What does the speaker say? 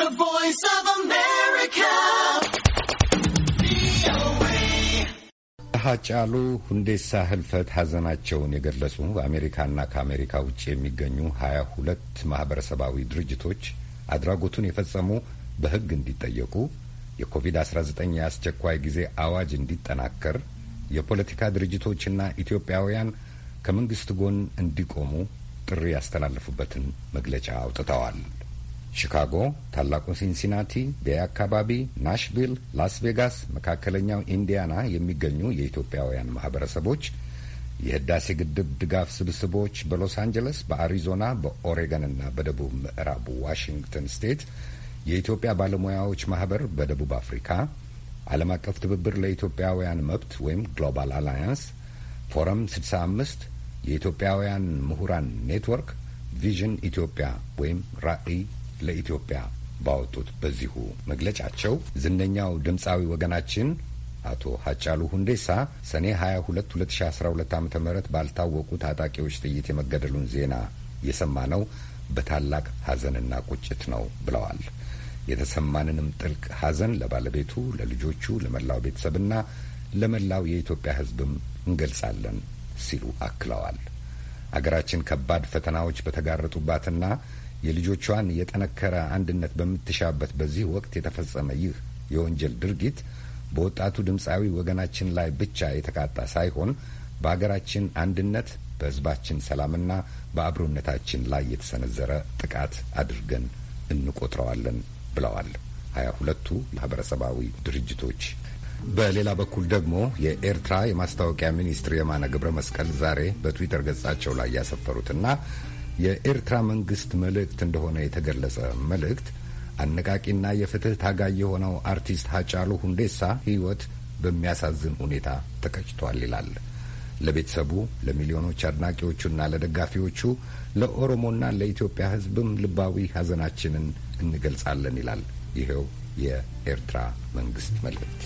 The Voice of America. ሀጫሉ ሁንዴሳ ህልፈት ሀዘናቸውን የገለጹ በአሜሪካና ከአሜሪካ ውጭ የሚገኙ ሀያ ሁለት ማህበረሰባዊ ድርጅቶች አድራጎቱን የፈጸሙ በህግ እንዲጠየቁ የኮቪድ-19 የአስቸኳይ ጊዜ አዋጅ እንዲጠናከር የፖለቲካ ድርጅቶችና ኢትዮጵያውያን ከመንግስት ጎን እንዲቆሙ ጥሪ ያስተላለፉበትን መግለጫ አውጥተዋል። ሺካጎ፣ ታላቁ ሲንሲናቲ፣ ቤይ አካባቢ፣ ናሽቪል፣ ላስ ቬጋስ፣ መካከለኛው ኢንዲያና የሚገኙ የኢትዮጵያውያን ማህበረሰቦች የህዳሴ ግድብ ድጋፍ ስብስቦች በሎስ አንጀለስ፣ በአሪዞና፣ በኦሬገን እና በደቡብ ምዕራቡ ዋሽንግተን ስቴት የኢትዮጵያ ባለሙያዎች ማህበር በደቡብ አፍሪካ፣ ዓለም አቀፍ ትብብር ለኢትዮጵያውያን መብት ወይም ግሎባል አላያንስ፣ ፎረም 65 የኢትዮጵያውያን ምሁራን ኔትወርክ፣ ቪዥን ኢትዮጵያ ወይም ራዕይ ለኢትዮጵያ ባወጡት በዚሁ መግለጫቸው ዝነኛው ድምፃዊ ወገናችን አቶ ሀጫሉ ሁንዴሳ ሰኔ 22 2012 ዓ ም ባልታወቁ ታጣቂዎች ጥይት የመገደሉን ዜና የሰማነው በታላቅ ሐዘንና ቁጭት ነው ብለዋል። የተሰማንንም ጥልቅ ሐዘን ለባለቤቱ፣ ለልጆቹ፣ ለመላው ቤተሰብና ለመላው የኢትዮጵያ ሕዝብም እንገልጻለን ሲሉ አክለዋል። አገራችን ከባድ ፈተናዎች በተጋረጡባትና የልጆቿን የጠነከረ አንድነት በምትሻበት በዚህ ወቅት የተፈጸመ ይህ የወንጀል ድርጊት በወጣቱ ድምፃዊ ወገናችን ላይ ብቻ የተቃጣ ሳይሆን በሀገራችን አንድነት፣ በሕዝባችን ሰላምና በአብሮነታችን ላይ የተሰነዘረ ጥቃት አድርገን እንቆጥረዋለን ብለዋል ሀያ ሁለቱ ማህበረሰባዊ ድርጅቶች። በሌላ በኩል ደግሞ የኤርትራ የማስታወቂያ ሚኒስትር የማነ ገብረ መስቀል ዛሬ በትዊተር ገጻቸው ላይ ያሰፈሩትና የኤርትራ መንግስት መልእክት እንደሆነ የተገለጸ መልእክት አነቃቂና የፍትህ ታጋይ የሆነው አርቲስት ሀጫሉ ሁንዴሳ ህይወት በሚያሳዝን ሁኔታ ተቀጭቷል ይላል። ለቤተሰቡ፣ ለሚሊዮኖች አድናቂዎቹና ለደጋፊዎቹ፣ ለኦሮሞና ለኢትዮጵያ ህዝብም ልባዊ ሀዘናችንን እንገልጻለን ይላል ይኸው የኤርትራ መንግስት መልእክት።